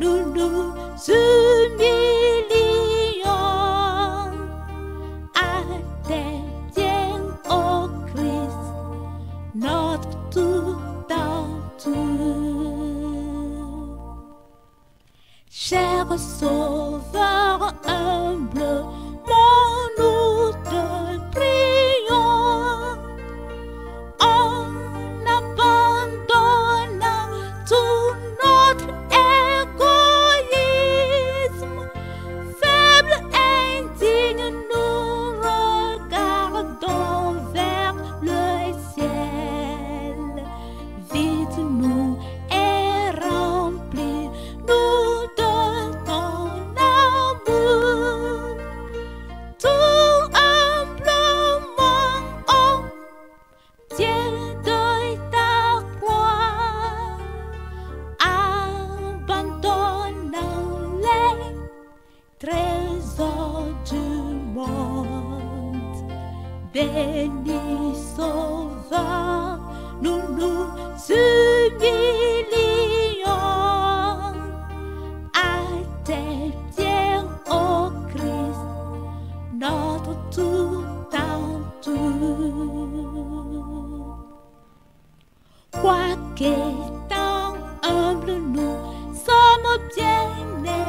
눈으로 스밀리온 아대쟁 오크리스 너투 다투 샤버소 Beni sova nunu sumilion Acceptien o Christ notre tout en tout Quoique tant humble nous sommes bien aimés